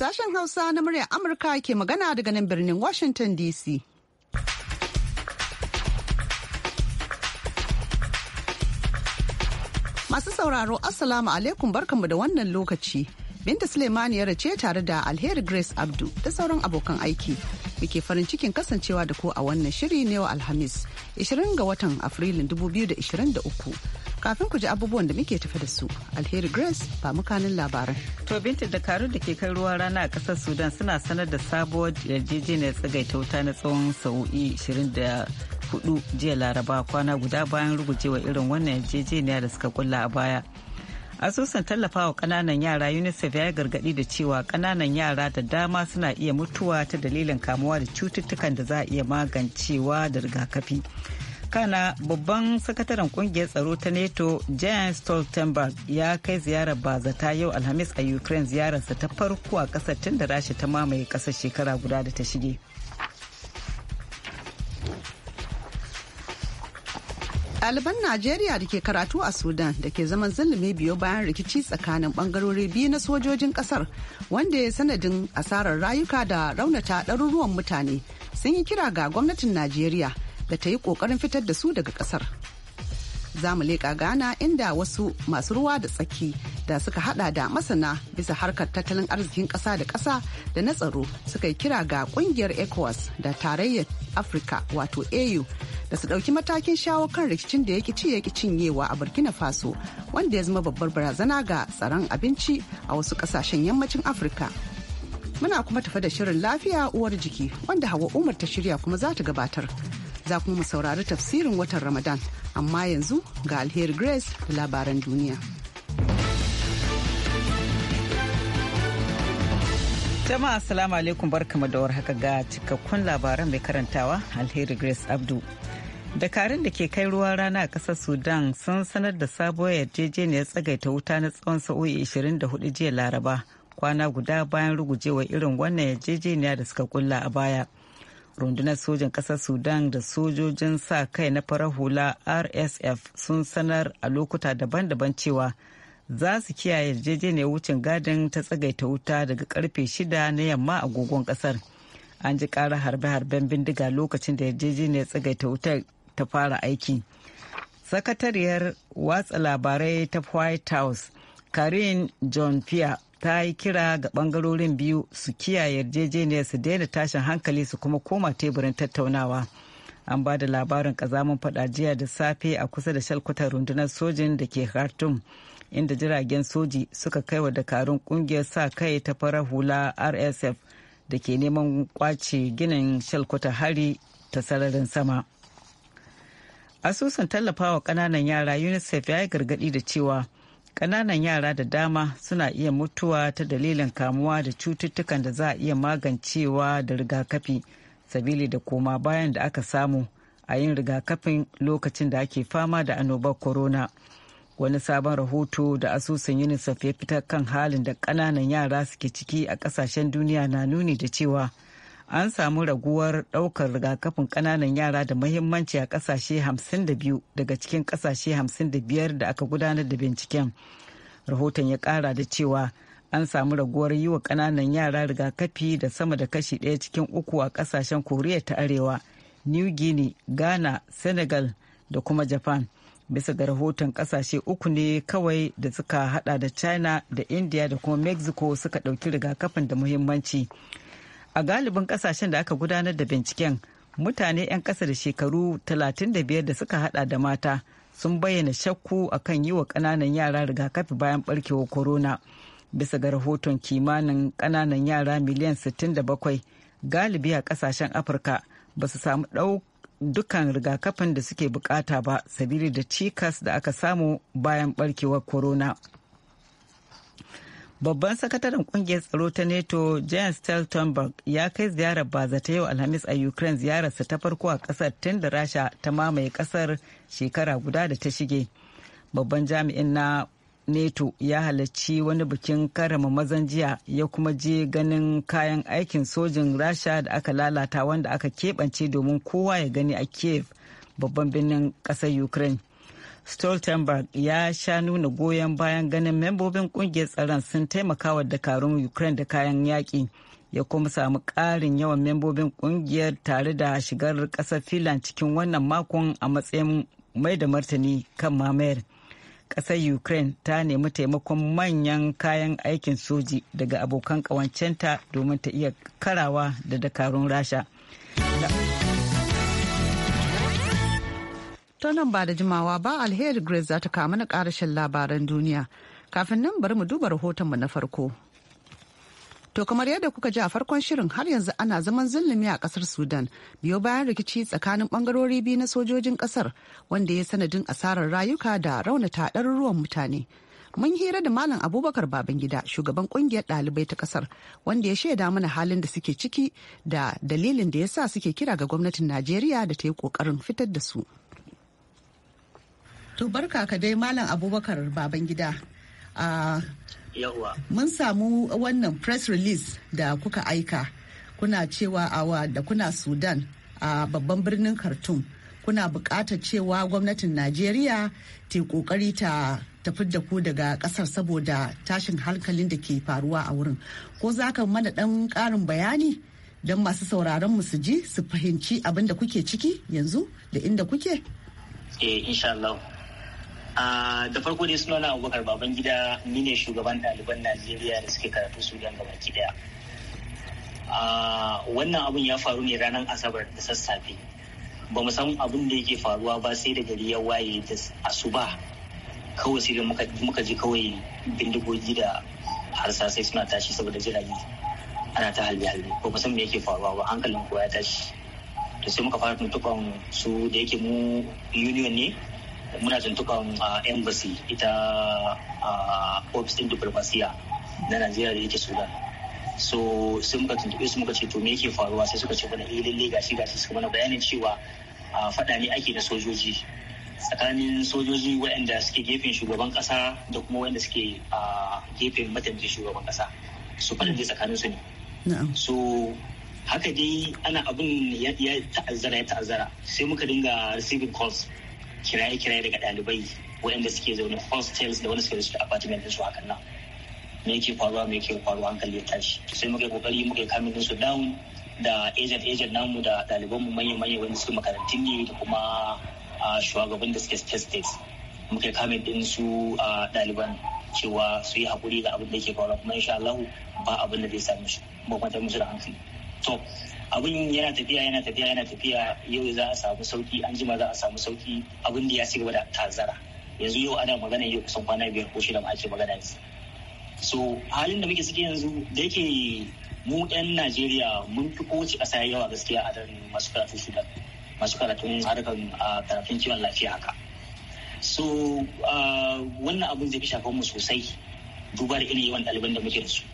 Sashen Hausa na muryar Amurka ke magana daga nan birnin Washington DC. Masu sauraro Assalamu alaikum barkanmu da wannan lokaci. Binta suleimani ya ce tare da Alheri Grace Abdu da sauran abokan aiki. Muke farin cikin kasancewa da ku a wannan shiri ne wa Alhamis, 20 ga watan Afrilun 2023. kafin ku ji abubuwan da muke tafi da su alheri grace ba mukanin labaran to binta da karu da ke kai ruwa rana a kasar sudan suna sanar da sabuwar yarjejeniyar tsagaita wuta na tsawon sau'i 24 jiya laraba kwana guda bayan rugujewa irin wannan yarjejeniya da suka kulla a baya asusun tallafawa kananan yara unicef ya gargadi da cewa kananan yara da dama suna iya mutuwa ta dalilin kamuwa da cututtukan da za a iya magancewa da rigakafi kana babban sakataren kungiyar tsaro ta nato jan stoltenberg ya kai ziyarar bazata yau alhamis a ukraine ziyararsa ta farko a kasar tun da rasha ta mamaye kasar shekara guda da ta shige ɗaliban najeriya da ke karatu a sudan da ke zaman zulumi biyo bayan rikici tsakanin bangarori biyu na sojojin kasar wanda ya sanadin asarar rayuka da raunata ɗaruruwan mutane sun yi kira ga gwamnatin najeriya da ta yi kokarin fitar da su daga kasar za mu leƙa ghana inda wasu masu ruwa da tsaki da suka hada da masana bisa harkar tattalin arzikin ƙasa da ƙasa da na tsaro suka yi kira ga ƙungiyar ecowas da tarayyar afirka wato au da su ɗauki matakin shawo kan rikicin da yaki ci ki cinyewa a burkina faso wanda ya zama babbar barazana ga tsaron abinci a wasu ƙasashen yammacin afirka muna kuma tafa da shirin lafiya uwar jiki wanda hawa umar ta shirya kuma za ta gabatar za kuma mu saurari tafsirin watan Ramadan. Amma yanzu ga alheri Grace da labaran duniya. Jama'a Assalamu alaikum barkama da haka ga cikakkun labaran mai karantawa alheri Grace Abdu. dakarun da ke kai ruwa rana a kasar sudan sun sanar da sabuwar yarjejeniyar tsagaita wuta na tsawon sa'o'i 24 jiya laraba kwana guda bayan rugujewa irin wannan yarjejeniya da suka kulla a baya rundunar sojan ƙasar sudan da sojojin sa kai na farar hula rsf sun sanar a lokuta daban-daban cewa za su kiyaye yarjejeniyar wucin gadin ta tsagaita wuta daga karfe shida na yamma agogon kasar an ji ƙara harbe-harben bindiga lokacin da yarjejeniyar tsagaita wuta ta fara aiki sakatariyar watsa labarai ta white house karin john pierre ta yi kira ga bangarorin biyu su kiyaye yarjejeniyar su daina tashin hankali su kuma koma teburin tattaunawa an ba da labarin kazamin fada jiya da safe a kusa da shalkwata rundunar sojin da ke khartoum inda jiragen soji suka kai wa dakarun kungiyar sa kai ta farar hula rsf da ke neman kwace ginin shalkutar hari ta sararin sama asusun tallafawa kananan yara unicef ya yi gargadi da cewa ƙananan yara da dama suna iya mutuwa ta dalilin kamuwa da cututtukan da za a iya magancewa da rigakafi sabili da koma bayan da aka samu a yin rigakafin lokacin da ake fama da annobar corona wani sabon rahoto da asusun unicef ya fitar kan halin da ƙananan yara suke ciki a ƙasashen duniya na nuni da cewa an samu raguwar ɗaukar rigakafin kananan yara da mahimmanci a kasashe 52 daga cikin kasashe 55 da aka gudanar da binciken rahoton ya kara da cewa an samu raguwar yi wa ƙananan yara rigakafi da sama da kashi daya cikin uku a kasashen koriya ta arewa new guinea ghana senegal da kuma japan bisa ga rahoton kasashe uku ne kawai da suka hada da china da india da kuma mexico suka dauki rigakafin da muhimmanci a galibin kasashen da aka gudanar da binciken mutane 'yan ƙasa da shekaru 35 da suka hada da mata sun bayyana shakku akan yi wa ƙananan yara rigakafi bayan barkewar corona bisa ga rahoton kimanin ƙananan yara miliyan 67 galibi a ƙasashen afirka ba su samu dukkan rigakafin da suke bukata ba sabili da cikas da aka samu bayan barkewar corona. Babban sakataren kungiyar tsaro ta NATO Jens Stoltenberg ya kai ziyarar ta yau Alhamis a Ukraine ziyararsa ta farko a kasar tun da Rasha ta mamaye kasar shekara guda da ta shige. Babban jami'in na NATO ya halarci wani bikin karama mazan jiya ya kuma je ganin kayan aikin sojin Rasha da aka lalata wanda aka keɓance domin kowa ya gani a Kiev babban birnin ƙasar Ukraine. Stoltenberg ya sha nuna goyon bayan ganin membobin kungiyar tsaron sun taimaka wa dakarun Ukraine da kayan yaƙi ya kuma samu ƙarin yawan membobin kungiyar tare da shigar ƙasar Finland cikin wannan makon a matsayin mai da martani kan mamayar. Ƙasar Ukraine ta nemi taimakon manyan kayan aikin soji daga abokan ƙawancenta domin ta iya karawa da dakarun Rasha. To nan ba da jimawa ba alheri Grace za ta kama na karashin labaran duniya. Kafin nan bari mu duba rahotonmu na farko. To kamar yadda kuka ji a farkon shirin har yanzu ana zaman zulumi a kasar Sudan biyo bayan rikici tsakanin bangarori biyu na sojojin kasar wanda ya sanadin asarar rayuka da raunata ɗaruruwan mutane. Mun hira da Malam Abubakar Babangida shugaban kungiyar ɗalibai ta kasar wanda ya shaida mana halin da suke ciki da dalilin da ya sa suke kira ga gwamnatin Najeriya da ta yi ƙoƙarin fitar da su. To barka ka dai Malam Abubakar Babangida. Ah, a Mun samu wannan press release da kuka aika. Kuna cewa awa da kuna Sudan a babban birnin Khartoum. Kuna buƙatar cewa gwamnatin Najeriya ta kokari ta tafi da ku daga kasar saboda tashin hankalin da ke faruwa a wurin. Ko za ka mana ɗan ƙarin bayani? don masu sauraron mu su ji su fahimci abin da kuke ciki yanzu da inda kuke? Eh, insha da farko dai suna na abubakar baban gida ni shugaban ɗaliban najeriya da suke karatu sudan gabaki daya wannan abun ya faru ne ranar asabar da sassafe ba mu san abin da yake faruwa ba sai da gari ya waye da asuba kawai sai da muka ji kawai bindigogi da harsasai suna tashi saboda jirage ana ta halbe halbe ba mu san me yake faruwa ba hankalin kowa ya tashi to sai muka fara tuntuɓan su da yake mu union ne muna tuntuban ah, embassy ita ah, ofis din diplomasiya na najeriya da yake sudan so sai muka tuntuɓe su muka ce to me yake faruwa sai suka ce mana eh lalle gashi gashi suka mana bayanin cewa ah, faɗa ne ake da sojoji tsakanin sojoji waɗanda suke gefen shugaban ƙasa da kuma waɗanda suke gefen mataimakin shugaban ƙasa su faɗa ne tsakanin su ne so haka dai ana abin ya ta'azzara ya ta'azzara sai muka dinga receiving calls kiraye-kiraye daga ɗalibai waɗanda suke zaune hostels da wanda suke da apartment su hakan nan me yake faruwa me yake faruwa hankali ya tashi sai muka yi kokari muka yi kamin su down da agent agent namu da ɗaliban mu manya manya wanda suke makarantun ne da kuma shugaban da suke state states muka yi kamin din su ɗaliban cewa su yi hakuri da abin da yake faruwa kuma insha Allah ba abin da zai same su ba musu da hankali to abin yana tafiya yana tafiya yana tafiya yau za a samu sauki an jima za a samu sauki abin da ya ci gaba da tazara yanzu yau ana magana yau kusan kwana biyar ko shida ma'ace magana yanzu so halin da muke suke yanzu da yake mu yan najeriya mun fi kowace ƙasa yawa gaskiya a dan masu karatu sudan masu karatun harkar karatun kiwon lafiya haka so wannan abin zai fi shafan mu sosai duba da irin yawan ɗaliban da muke da su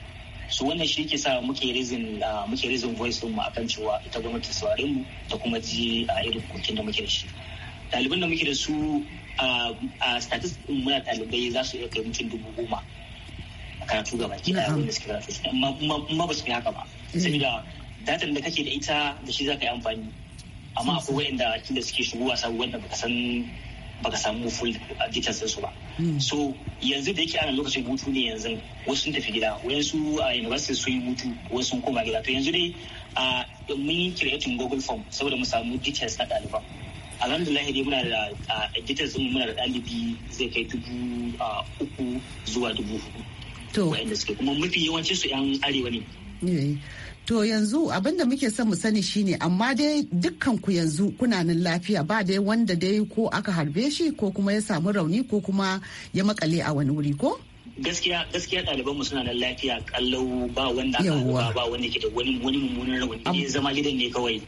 su wannan shi ke sa muke rizin muke rizin voice din mu akan cewa ita gwamnati saurarin mu da kuma ji a irin kokin da muke da shi ɗaliban da muke da su a statistics muna talibai za su iya kai mutum dubu goma karatu gaba ki da suke karatu amma ba su kai haka ba mm. saboda datan da kake da ita da shi za ka yi amfani amma akwai kin da suke shigowa sabuwar da baka san baka samu full details su ba hmm. so yanzu da yake ana lokacin hutu ne yanzu wasu sun tafi gida wayansu a university sun yi hutu wasu sun koma gida to yanzu dai mun yi creating google form saboda mu samu details na ɗaliban alhamdulillah dai muna da details din muna da ɗalibi zai kai dubu uku zuwa dubu hudu to wa'anda suke kuma mafi yawancin su yan arewa ne eh. To yanzu abinda muke son mu sani shine amma dai dukkan ku yanzu kuna nan lafiya ba dai wanda dai ko aka harbe shi ko kuma ya samu rauni ko kuma ya makale a wani wuri ko? gaskiya gaskiya ɗalibanmu suna nan lafiya kallau ba wanda aka ba wanda ke da wani wani mummunan rauni ne eh, zama gidan ne kawai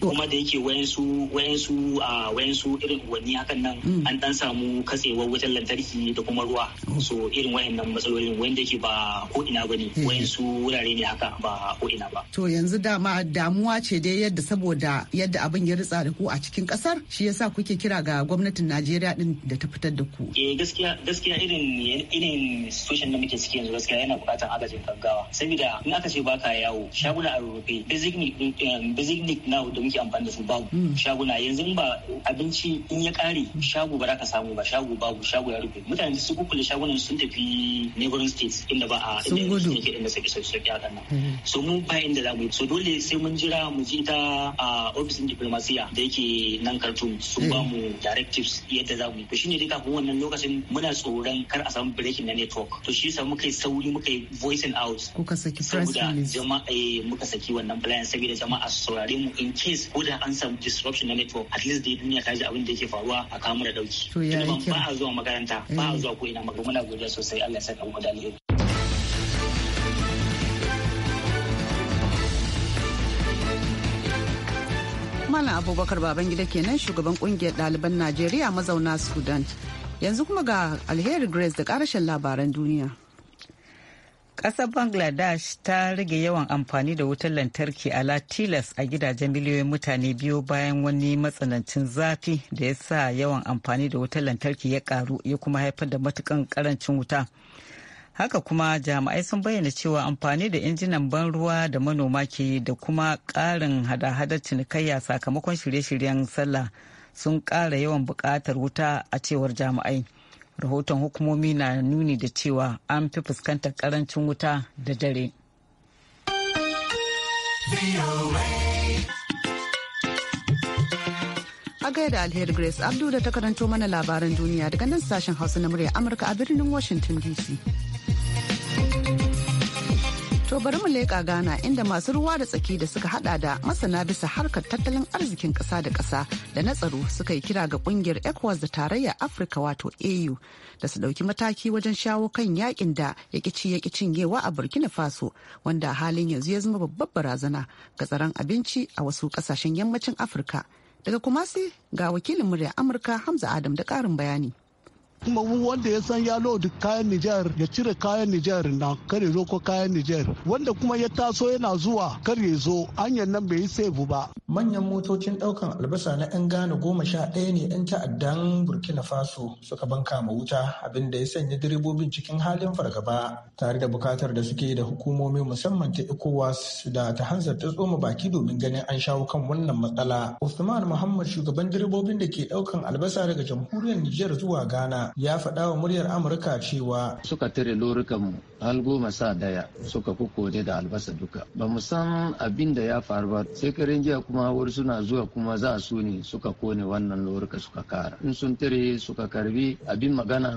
kuma da yake wayansu wayansu a wayansu irin wani hakan nan mm. an dan samu katsewar wutar lantarki da kuma ruwa so irin wayannan matsalolin wanda yake ba ko ina bane mm. wayansu wurare ne haka ba ko ina ba to yanzu dama damuwa ce dai yadda saboda yadda abin ya ritsa da ku a cikin kasar shi yasa kuke kira ga gwamnatin Najeriya din da ta fitar da ku eh gaskiya gaskiya irin irin situation da muke ciki yanzu gaskiya yana bukatan agajin gaggawa saboda in aka ce baka yawo shaguna a rufe um, basic need now da muke amfani da su babu hmm. shaguna yanzu ba abinci in ya kare shago ba za ka samu ba shago babu shago ya rufe mutane su kukkule shagunan sun tafi neighboring states inda ba a inda suke inda suke sauki a kan hmm. so mu ba inda za mu so dole sai mun jira mu ji ta a ofisin diplomasiya da yake nan Khartoum sun hmm. ba mu directives yadda za mu yi to shine duka kun wannan lokacin muna tsoron kar a samu breaking na network to shi yasa muka yi sauri muka yi voicing out kuka saki press release jama'a eh, muka saki wannan plan saboda jama'a su saurare mu in case ko da an samu disruption na network at least dai duniya ta ji abin da yake faruwa a kamu da dauki to ya ba a zuwa makaranta ba a eh. zuwa ko ina magana muna godiya sosai Allah ya saka mu da alheri Malam Abubakar Babangida kenan shugaban kungiyar ɗaliban Najeriya mazauna Sudan. Yanzu kuma ga alheri Grace da karashen labaran duniya. Ƙasar Bangladesh ta rage yawan amfani da wutar lantarki a latilas a gidajen miliyoyin mutane biyu bayan wani matsanancin zafi da ya sa yawan amfani da wutar lantarki ya karu ya kuma haifar da matukan karancin wuta. haka kuma jami'ai sun bayyana cewa amfani da injinan ban ruwa da manoma ke da kuma ƙarin hada-hadar cinikayya sakamakon shirye-shiryen sallah sun ƙara yawan buƙatar wuta a cewar jami'ai rahoton hukumomi na nuni da cewa an fi fuskantar ƙarancin wuta da dare a da alheri grace abdu da ta karanto mana labaran duniya daga nan sashen hausa na murya amurka a birnin washington dc To bari mu leƙa Ghana inda masu ruwa da tsaki da suka hada da masana bisa harkar tattalin arzikin ƙasa da ƙasa da na tsaro suka yi kira ga ƙungiyar ECOWAS da tarayya Afirka wato AU da su ɗauki mataki wajen shawo kan yakin da yakici yaki cinyewa a Burkina Faso wanda a halin yanzu ya zama babbar barazana ga tsaron abinci a wasu ƙasashen yammacin Afirka. Daga Kumasi ga wakilin murya Amurka Hamza Adam da ƙarin bayani. kuma wanda ya san ya lodi kayan Nijar ya cire kayan Nijar na kare zo ko kayan Nijar wanda kuma ya taso yana zuwa kar ya zo hanyar nan bai yi save ba manyan motocin ɗaukan albasa na 'yan Ghana goma sha ɗaya ne 'yan ta'addan Burkina Faso suka banka ma wuta abin da ya sanya direbobin cikin halin fargaba tare da bukatar da suke da hukumomi musamman ta ECOWAS da ta hanzarta tsoma baki domin ganin an shawo kan wannan matsala. Usman Muhammad shugaban direbobin da ke ɗaukan albasa daga jamhuriyar Nijar zuwa Ghana ya faɗa wa muryar Amurka cewa suka tare mu, har goma sa daya suka kukkode da albasa duka ba mu san abin da ya faru ba sai karen jiya kuma kuma wur suna zuwa kuma za su ne suka kone wannan lorika suka kara in sun tare suka karbi abin magana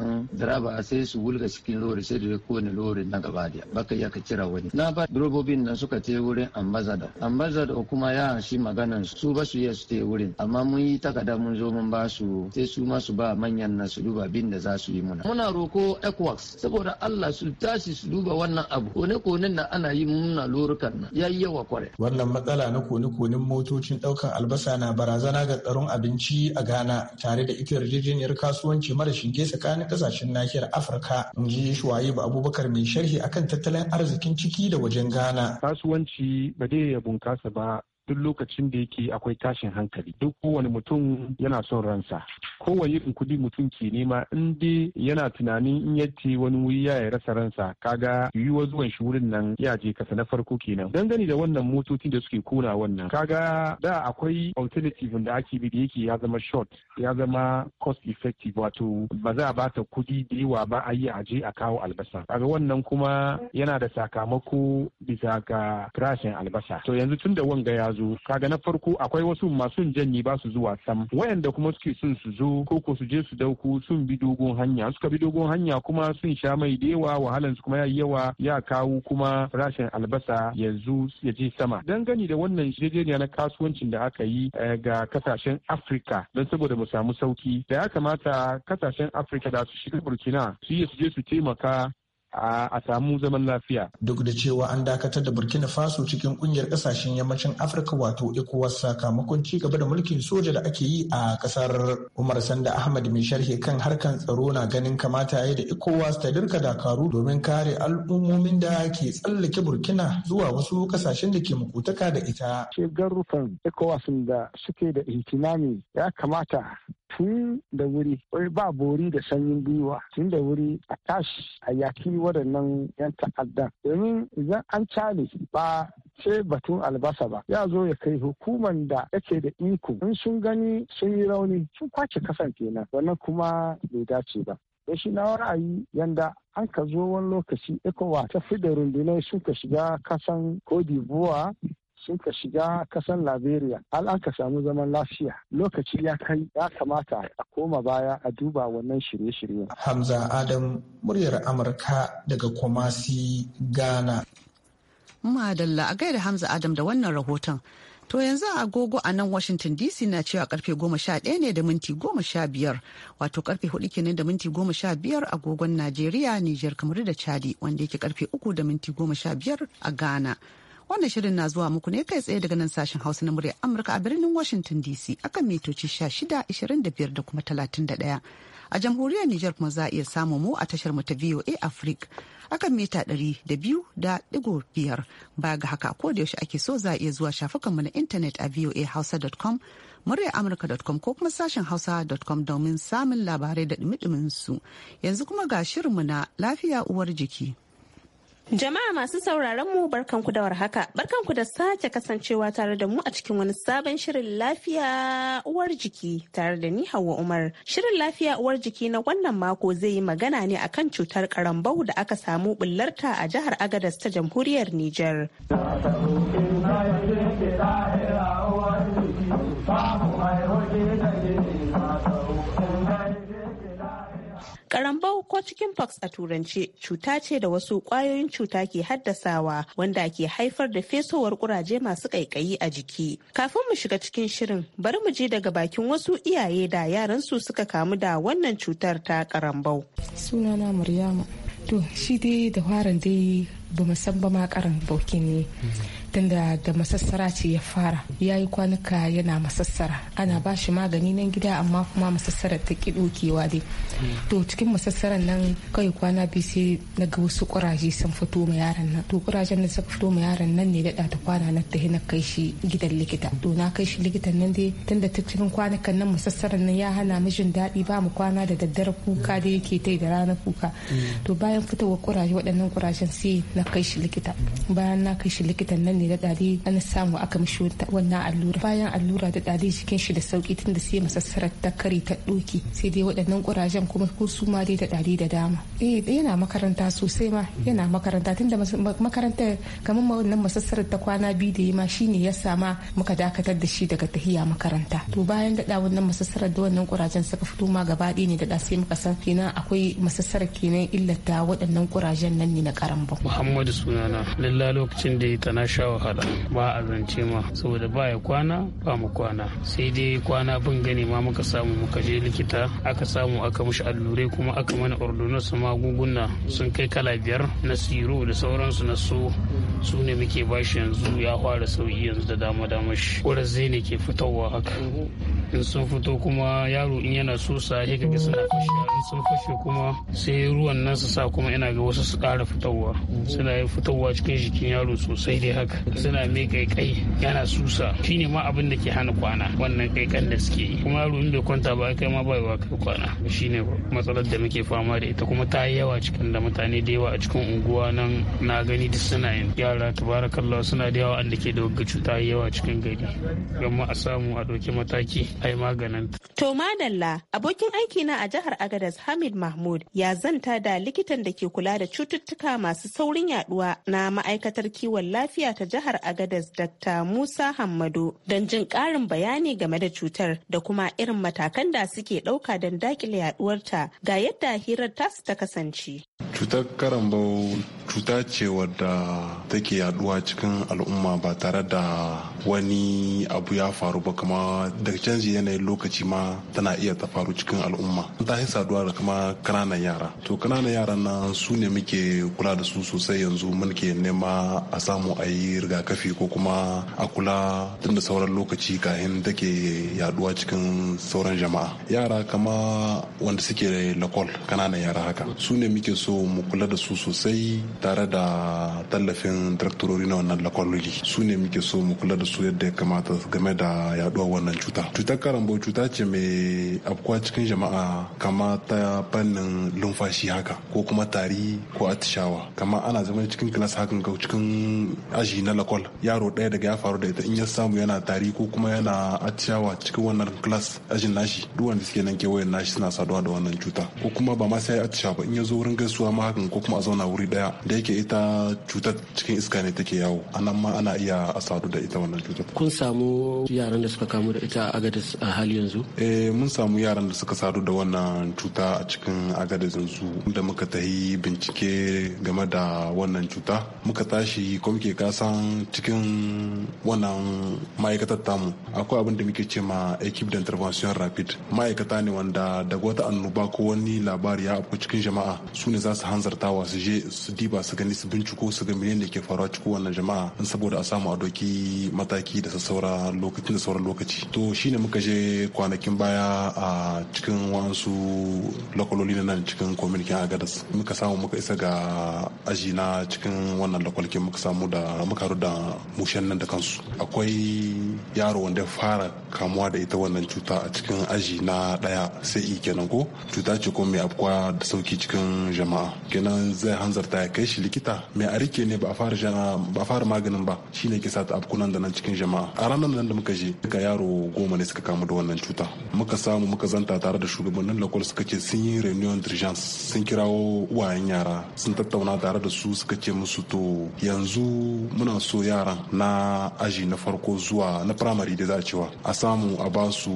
a sai su wulga cikin lori sai da kone lori na gaba da baka iya ka kira wani na ba durobobin nan suka te wurin ambassador ambassador kuma ya shi maganan su ba su iya su te wurin amma mun yi takada mun zo mun ba su sai su ma su ba manyan na su duba abin da za su yi muna muna roko ecowas saboda Allah su tashi su duba wannan abu kone kone na ana yi muna lorukan nan yayi yawa kware wannan matsala na kone konen moto motocin ɗaukar albasa na barazana ga tsaron abinci a Ghana tare da ita yarjejeniyar kasuwanci mara shinge tsakanin ƙasashen nahiyar Afirka. In ji ba Abubakar mai sharhi akan tattalin arzikin ciki da wajen Ghana. Kasuwanci ba dai ya bunkasa ba duk lokacin da yake akwai tashin hankali duk kowane mutum yana son ransa kowane irin kudi mutum ke nema in dai yana tunanin in yace wani wuri ya rasa ransa kaga yiwuwa zuwan shi wurin nan ya je kasa na farko kenan dangane da wannan motocin da suke kona wannan kaga da akwai alternative da ake bi da yake ya zama short ya zama cost effective wato ba za a bata kudi da yawa ba a yi a je a kawo albasa kaga wannan kuma yana da sakamako bisa ga farashin albasa to yanzu tun da wanga ya zo kaga na farko akwai wasu masu janyi ba su zuwa sam wayanda kuma suke son su zo ko ko su je su dauko sun bi dogon hanya suka bi dogon hanya kuma sun sha mai da yawa wahalan su kuma yayi yawa ya kawo kuma rashin albasa yanzu ya je sama dan gani da wannan shirye na kasuwancin da aka yi eh, ga kasashen afrika don saboda mu samu sauki da ya kamata kasashen afrika da su shiga Burkina su yi su je su taimaka a samu zaman lafiya. Duk da cewa an dakatar da Burkina Faso cikin kungiyar kasashen yammacin Afirka wato ECOWAS sakamakon ci gaba da mulkin soja da ake yi a kasar Umar Sanda Ahmad mai sharhi kan harkan tsaro na ganin kamata ya da ECOWAS ta dirka dakaru domin kare al'ummomin da ke tsallake Burkina zuwa wasu kasashen da ke mukutaka da ita. Shegarufan ECOWAS da suke da ihtimami ya kamata tun da wuri ba bori da sanyin gwiwa tun da wuri a tashi a yaki waɗannan 'yan ta'addan domin idan an cale ba sai batun albasa ba ya zo ya kai hukuman da yake da iko in sun gani sun yi rauni sun kwace kasan kenan wannan kuma bai dace ba da shi na ra'ayi yanda an ka zo wani lokaci ecowa ta fi da rundunai suka shiga kasan buwa ka shiga kasar liberia al aka samu zaman lafiya lokaci ya kai ya kamata a koma baya a duba wannan shirye-shirye hamza adam muryar amurka daga kumasi ghana madalla a gaida hamza adam da wannan rahoton To yanzu agogo a nan Washington DC na cewa karfe 11 ne da minti 15 wato karfe 4 kenan da minti 15 agogon Najeriya, Nijar kamar da Chadi wanda yake karfe 3 da minti 15 a Ghana. wanda shirin na zuwa muku ne kai tsaye daga nan sashen hausa na murya amurka a birnin washington dc akan mitoci 16 25 da kuma 31 a jamhuriyar niger kuma za a iya samu mu a tashar ta VOA Africa akan mita 200.5 baya ga haka ko da yaushe ake so za a iya zuwa shafukanmu na intanet a voahausa.com amurka.com ko kuma sashen hausa.com domin samun labarai da dumi su yanzu kuma ga shirinmu na lafiya uwar jiki. Jama'a masu sauraron mu barkanku da warhaka. Barkanku da sake kasancewa tare da mu a cikin wani sabon shirin lafiya uwar jiki tare da ni Hauwa Umar. Shirin lafiya uwar jiki na wannan mako zai yi magana ne akan cutar karambau da aka samu bullarta a jihar Agadas ta jamhuriyar Nijar. Karambau ko cikin pox a turance cuta ce da wasu kwayoyin cuta ke haddasawa wanda ke haifar da fesowar kuraje masu kaikayi a jiki. Kafin mu shiga cikin shirin bari mu je daga bakin wasu iyaye da yaran su suka kamu da wannan cutar ta karambau. Sunana Maryama. To shi dai da dai ba mu san ba ma karin bokin ne tunda da masassara ce ya fara ya yi kwanuka yana masassara ana ba shi magani nan gida amma kuma masassara ta ki dokewa dai to cikin masassaran nan kai kwana biyu sai na ga wasu kuraje sun fito ma yaron nan to kurajen da suka fito ma yaran nan ne daɗa ta kwana na ta hina kai shi gidan likita to na kai shi likitan nan dai tunda ta cikin kwanukan nan masassaran nan ya hana mijin daɗi ba mu kwana da daddare kuka da yake tai da ranar kuka mm. to bayan fitowa kuraje waɗannan kurajen sai na kai shi likita bayan na kai shi likitan nan ne da dadi an samu aka mishi wannan allura bayan allura da dadi jikin shi da sauki tun da sai masassarar ta kare ta doki sai dai waɗannan kurajen kuma ko su ma dai da dadi da dama eh yana makaranta sosai ma yana makaranta tun da makaranta kamar wannan masassarar ta kwana biyu da yi ma shine ya sama muka dakatar da shi daga tahiya makaranta to bayan daɗa wannan masassarar da wannan kurajen suka fito ma gaba ɗaya ne daɗa sai muka san kenan akwai masassarar kenan illata waɗannan kurajen nan ne na karambo muhammadu sunana lalla lokacin da ya na sha wahala ba a zance ma saboda ba ya kwana ba mu kwana sai dai kwana bin gani ma muka samu muka je likita aka samu aka mushi allurai kuma aka mana ordonansu magunguna sun kai kala biyar na siro da sauransu na so su ne muke bashi yanzu ya fara sauki yanzu da dama dama shi zai ne ke fitowa haka in sun fito kuma yaro in yana so sa sai kaga suna fashe in sun fashe kuma sai ruwan nan su sa kuma ina ga wasu su kara fitowa suna fitowa cikin jikin yaro sosai dai haka suna mai kaikai yana susa shine ma abin da ke hana kwana wannan kaikan da suke yi kuma yaro in bai kwanta ba kai ma bai wa kwana shine matsalar da muke fama da ita kuma ta yi yawa cikin da mutane da yawa a cikin unguwa nan na gani duk suna yin yara tabarakallah suna da yawa da ke da wagga cuta yawa cikin gari don a samu a ɗauki mataki a yi maganin. To madalla abokin aiki na a jihar Agadez Hamid Mahmud ya zanta da likitan da ke kula da cututtuka masu saurin saurin yaduwa na ma'aikatar kiwon lafiya ta jihar Agadez Dr. Musa Hammado don jin ƙarin bayani game da cutar da kuma irin matakan da suke ɗauka don dakile yaduwarta ga yadda hirar tasu ta kasance. Cutar karambau cuta ce wadda take yaduwa cikin al'umma ba tare da wani abu ya faru ba kama daga canji yanayin lokaci ma tana iya ta faru cikin al'umma ta yi saduwa da kuma kananan yara to kananan yara na su ne muke kula da su sosai yanzu mun ke nema a samu a yi rigakafi ko kuma a kula tun da sauran lokaci kahin take yaduwa cikin sauran jama'a yara kama wanda suke lakol kananan yara haka su ne muke so mu kula da su sosai tare da tallafin traktorori na wannan lakwaloli su ne muke so mu kula da su yadda ya kamata game da yaduwar wannan cuta cutar karambo cuta ce mai afkuwa cikin jama'a kama ta fannin lumfashi haka ko kuma tari ko atishawa kama ana zama cikin kilas hakan ga cikin aji na lakwal yaro ɗaya daga ya faru da ita in ya samu yana tari ko kuma yana atishawa cikin wannan kilas ajin nashi duk wanda suke nan kewayen nashi suna saduwa da wannan cuta ko kuma ba ma sai atishawa ba in ya zo wurin gaisuwa ma hakan ko kuma a zauna wuri ɗaya da yake ita cutar cikin iska ne take yawo nan ma ana iya a sadu da ita wannan cutar kun samu yaran da suka kamu da ita a agadis a hali yanzu eh mun samu yaran da suka sadu da wannan cuta a cikin agadis yanzu da muka tahi bincike game da wannan cuta muka tashi ko muke kasan cikin wannan ma'aikatar tamu akwai abin da muke ce ma equipe d'intervention rapid ma'aikata ne wanda daga wata annoba ko wani labari ya afko cikin jama'a su ne za su hanzarta wa su je su diba ba su gani su binciko su ga menene da ke faruwa cikin wannan jama'a don saboda a samu a doki mataki da saura lokacin da sauran lokaci to shine muka je kwanakin baya a cikin wasu lokaloli na nan cikin a gadas muka samu muka isa ga aji na cikin wannan lokalkin muka samu da muka da mushen nan da kansu akwai yaro wanda ya fara kamuwa da ita wannan cuta a cikin aji na daya sai i e kenan ko cuta ce ko mai abuwa da sauki cikin jama'a kenan zai hanzarta ya kai kai shi likita mai a rike ne ba a fara maganin ba shine kisa ta abkunan da nan cikin jama'a a ranar nan da muka je ga yaro goma ne suka kamu da wannan cuta muka samu muka zanta tare da shugabannin lakol suka ce sun yi reunion d'urgence sun kirawo uwayen yara sun tattauna tare da su suka ce musu to yanzu muna so yara na aji na farko zuwa na primary da za a cewa a samu a ba su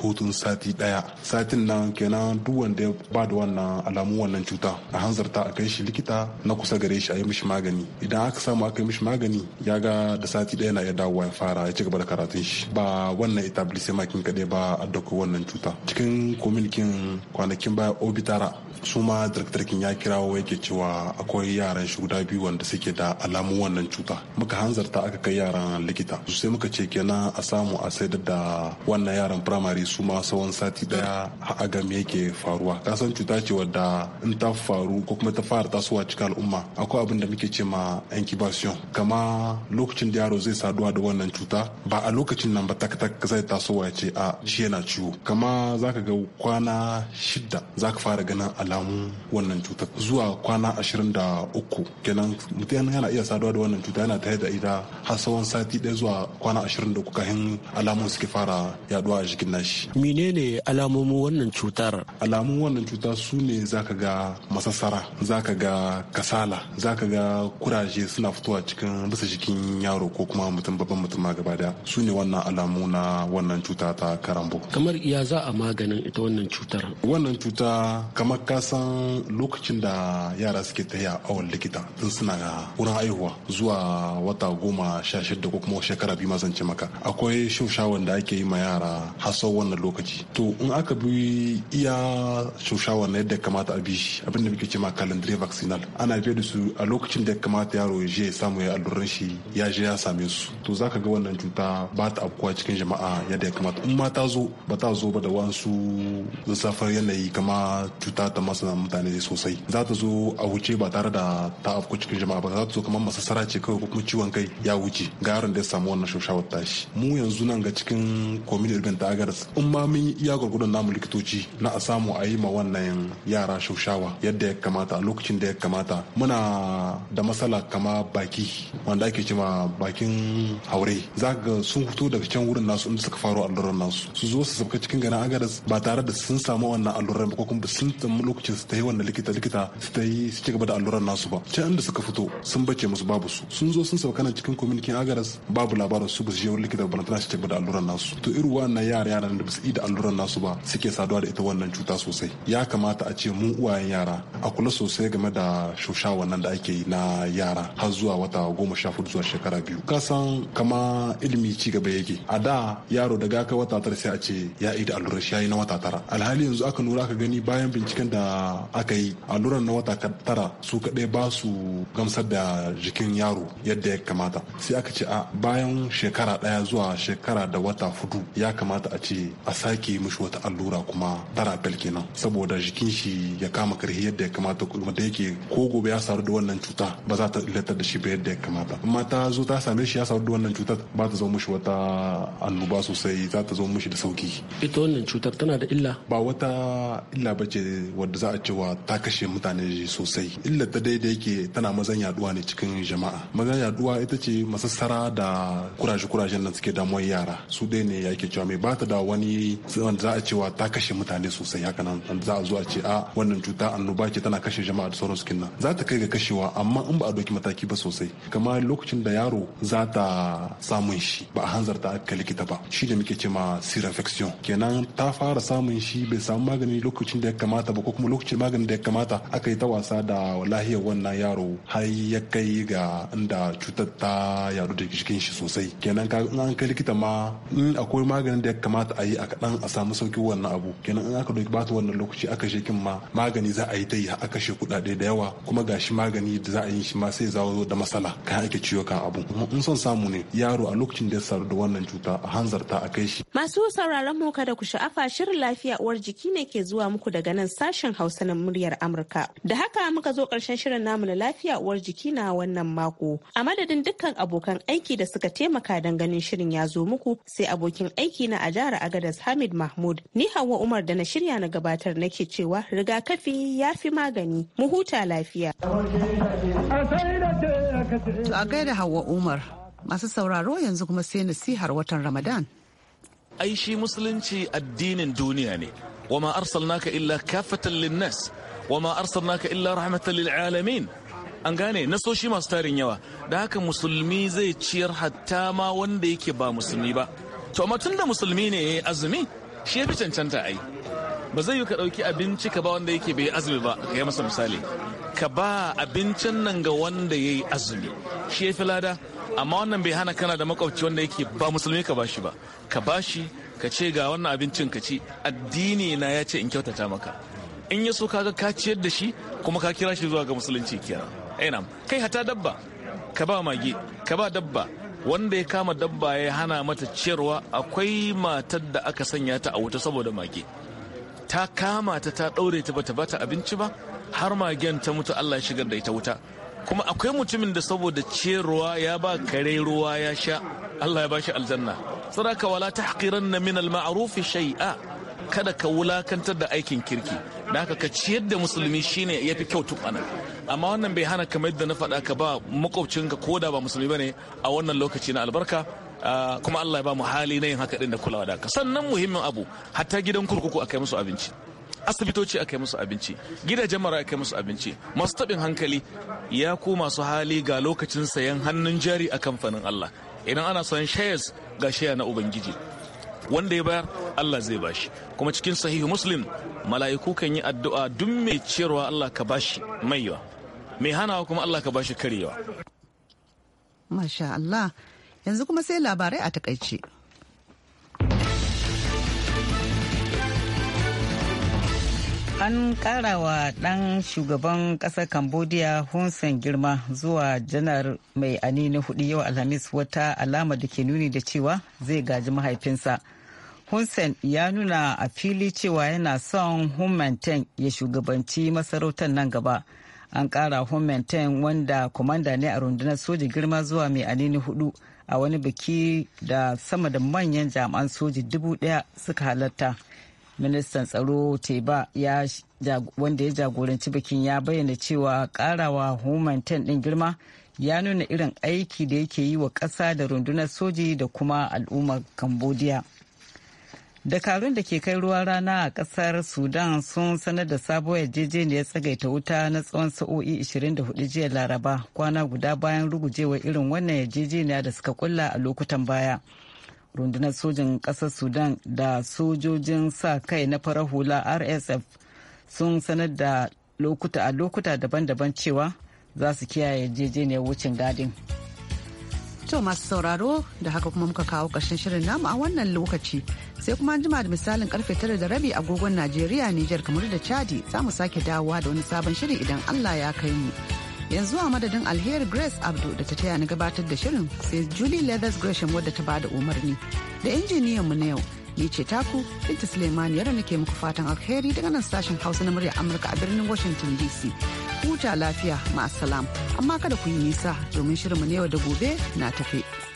hutun sati daya satin nan kenan duk wanda ya ba da wannan alamu wannan cuta a hanzarta a kai shi likita na kusa gare shi a yi mishi magani idan aka samu aka yi mishi magani ya ga da sati ɗaya na iya dawowa ya fara ya ci gaba da karatun shi ba wannan etablisse makin kaɗai ba a dauko wannan cuta cikin kominikin kwanakin baya obitara su ma kin ya kirawo yake cewa akwai yaran shi guda biyu wanda suke da alamu wannan cuta muka hanzarta aka kai yaran likita su sai muka ce kenan a samu a saida da wannan yaran firamare su ma tsawon sati daya a yake faruwa kasan cuta ce wadda in ta faru ko kuma ta fara tasowa cikin al'umma akwai abin da muke ce ma incubation kama lokacin da yaro zai saduwa da wannan cuta ba a lokacin nan ba tak tak zai taso ya ce a shi yana ciwo kama zaka ga kwana shida zaka fara ganin alamu wannan cuta zuwa kwana ashirin da uku kenan mutum yana iya saduwa da wannan cuta yana tare da ita har tsawon sati ɗaya zuwa kwana ashirin da uku kafin alamun suke fara yaduwa a jikin nashi menene alamomin wannan cutar alamun wannan cuta su ne zaka ga masassara zaka ga kasala za ka ga kuraje suna fitowa cikin bisa jikin yaro ko kuma mutum babban mutum ma gaba daya su ne wannan alamu na wannan cuta ta karambo kamar iya za a maganin ita wannan cutar wannan cuta kamar ka san lokacin da yara suke taya awon likita tun suna wurin haihuwa zuwa wata goma sha shida ko kuma shekara biyu ma zan ce maka akwai shaushawan da ake yi ma yara hasau wannan lokaci to in aka bi iya shaushawan na yadda kamata a bi shi abin da muke ce ma calendar vaccinal ana biya da su a lokacin da kamata yaro ya je ya samu ya alluran shi ya je ya same su to za ka ga wannan cuta ba ta afkuwa cikin jama'a yadda ya kamata in ma ta zo ba ta zo ba da wasu zazzafar yanayi kama cuta ta masana mutane sosai za ta zo a wuce ba tare da ta afku cikin jama'a ba za ta zo kamar masassara ce kawai ko kuma ciwon kai ya wuce ga yaron da ya samu wannan shoshawar tashi mu yanzu nan ga cikin komin urban ta agaras in ma mun iya gwargwadon namu likitoci na a samu a yi ma wannan yara shoshawa yadda ya kamata a lokacin da ya kamata mata muna da matsala kama baki wanda ake cima bakin haure za ga sun fito daga can wurin nasu inda suka faro alluran nasu su zo su sabka cikin gana agadas ba tare da sun samu wannan alluran ba ko kuma sun samu lokacin su ta yi wannan likita likita su ta yi su ci gaba da alluran nasu ba can inda suka fito sun bace musu babu su sun zo sun sauka nan cikin kwamitin agaras. babu labarin su ba su je wurin likita ba na su ci gaba da alluran nasu to irin wannan yara yaran da ba su yi da alluran nasu ba suke saduwa da ita wannan cuta sosai ya kamata a ce mu uwayen yara a kula sosai game da shusha wannan da ake yi na yara har zuwa wata goma sha hudu zuwa shekara biyu kasan kama ilimi ci gaba yake a da yaro daga kai wata tara sai a ce ya yi da allurar shayi na wata tara alhali yanzu aka nura aka gani bayan binciken da aka yi alluran na wata tara su kaɗai ba su gamsar da jikin yaro yadda ya kamata sai aka ce a bayan shekara ɗaya zuwa shekara da wata hudu ya kamata a ce a sake mishi wata allura kuma tara kenan saboda jikin shi ya kama karhi yadda ya kamata kuma da yake ko ko gobe ya saru da wannan cuta ba za ta illatar da shi ba yadda ya kamata amma ta zo ta same shi ya saru da wannan cutar ba ta zo mushi wata annoba sosai za ta zo mushi da sauki ita wannan cutar tana da illa ba wata illa ba ce wadda za a cewa ta kashe mutane sosai illa ta da yake tana mazan yaduwa ne cikin jama'a mazan yaduwa ita ce masassara da kuraje-kurajen nan suke damuwar yara su dai ne yake cewa mai ba ta da wani wanda za a cewa ta kashe mutane sosai haka nan za a zo a ce a wannan cuta annoba ce tana kashe jama'a da sauran sukin nan za ta kai ga kashewa amma in ba a doki mataki ba sosai kama lokacin da yaro za ta samun shi ba a hanzarta ka likita ba shi da muke cema sirinfection kenan ta fara samun shi bai samu magani lokacin da ya kamata ba ko kuma lokacin maganin da ya kamata aka yi ta wasa da lahiyar wannan yaro har ya kai ga inda cutar ta yadu da jikin shi sosai kenan ka in an kai likita ma in akwai maganin da ya kamata a yi a kaɗan a samu sauki wannan abu kenan in aka doki ba ta wannan lokaci aka shekin ma magani za a yi ta yi aka she kuɗaɗe da yawa kuma gashi magani da za a yi shi ma sai zawo da matsala kayan ake ciwo kan abu kuma in son samu ne yaro a lokacin da ya da wannan cuta a hanzarta a kai shi. Masu sauraron mu kada ku sha'afa shirin lafiya uwar jiki ne ke zuwa muku daga nan sashen Hausa na muryar Amurka. Da haka muka zo karshen shirin namu na lafiya uwar jiki na wannan mako. A madadin dukkan abokan aiki da suka taimaka don ganin shirin ya zo muku sai abokin aiki na a Agadas Hamid Mahmud. Ni hawa Umar da na shirya na gabatar nake cewa rigakafi ya fi magani mu huta lafiya. lafiya. To a gaida Hauwa Umar masu sauraro yanzu kuma sai nasihar watan Ramadan. Ai shi musulunci addinin duniya ne. Wama arsalnaka illa kafatan linnas wama arsalnaka illa rahmatan lil alamin. An gane nasoshi masu tarin yawa da haka musulmi zai ciyar hatta ma wanda yake ba musulmi ba. To amma tunda musulmi ne ya azumi shi ya fi cancanta ai. ba zai yi ka ɗauki abinci ka ba wanda yake bai azumi ba ka yi masa misali ka ba abincin nan ga wanda ya yi azumi shi ya fi lada amma wannan bai hana kana da makwabci wanda yake ba musulmi ka ba shi ba ka ba shi ka ce ga wannan abincin ka ci addini na ya ce in kyautata maka in ya so kaga ka ciyar da shi kuma ka kira shi zuwa ga musulunci kenan eh, ainam kai hata dabba ka ba mage ka ba dabba wanda ya kama dabba ya hana mata ciyarwa akwai matar da aka sanya ta a wuta saboda mage ta kama ta ta ɗaure ta bata bata abinci ba har magen ta mutu Allah ya shigar da ita wuta kuma akwai mutumin da saboda ce ruwa ya ba kare ruwa ya sha Allah ya bashi aljanna sadaka wala na min al-ma'ruf shay'a kada ka wulakantar da aikin kirki da haka ka ciyar da musulmi shine yafi kyau tukana amma wannan bai hana kamar yadda na faɗa ka ba makwabcinka ko da ba musulmi bane a wannan lokaci na albarka ah, kuma Allah ya ba mu hali na yin haka din da kulawa da ka sannan muhimmin abu hatta gidan kurkuku a kai musu abinci asibitoci aka yi musu abinci gidajen mara aka yi musu abinci masu taɓin hankali ya ku masu hali ga lokacin sayan hannun jari a kamfanin Allah idan ana son shayas, ga shaya na ubangiji wanda ya bayar Allah zai bashi kuma cikin sahihu muslim mala'iku kan yi addu'a duk mai ciyarwa Allah ka bashi maiwa mai hanawa kuma Allah ka bashi karyewa masha Allah yanzu kuma sai labarai a takaice An ƙara wa ɗan shugaban ƙasar Cambodia Hun girma zuwa janar mai ani na hudu yau Alhamis wata alama da ke nuni da cewa zai gaji mahaifinsa. Hun ya nuna a fili cewa yana son Hun Menten ya shugabanci masarautar nan gaba. An kara Hun Menten wanda kwamanda ne a rundunar soja girma zuwa mai ani na hudu a wani biki da sama da manyan jami'an soji dubu ɗaya suka halarta ministan tsaro teba ya wanda ya jagoranci bikin ya bayyana cewa karawa human ten din girma ya nuna irin aiki da yake yi wa ƙasa da rundunar soji da kuma al'ummar cambodia dakarun da ke kai ruwa rana a kasar sudan sun sanar da sabuwar yarjejeniyar tsagaita wuta na tsawon sa'o'i 24 jiya laraba kwana guda bayan rugujewar irin wannan yarjejeniya da suka kulla a lokutan baya. rundunar sojin ƙasar sudan da sojojin sa kai na farar hula rsf sun sanar da lokuta a lokuta daban-daban cewa za su kiyaye yarjejeniyar wucin gadin. To masu sauraro da haka kuma muka kawo ƙarshen shirin namu a wannan lokaci sai kuma an jima da misalin karfe tara da rabi agogon Najeriya Nijar kamar da Chadi za mu sake dawowa da wani sabon shiri idan Allah ya kai mu. yanzu a madadin alheri grace abdu da ta taya ni gabatar da shirin sai julie leathers gresham wadda ta bada umarni da injiniyan mu na yau ni ce taku binta suleiman yara nake muku fatan alheri daga nan sashen hausa na murya amurka a birnin washington dc huta lafiya ma'asalam amma kada ku yi nisa domin shirin mu na yau da gobe na tafe.